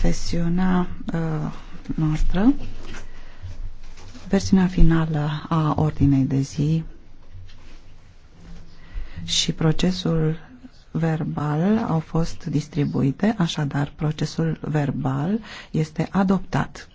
sesiunea noastră. Versiunea finală a ordinei de zi și procesul verbal au fost distribuite, așadar procesul verbal este adoptat.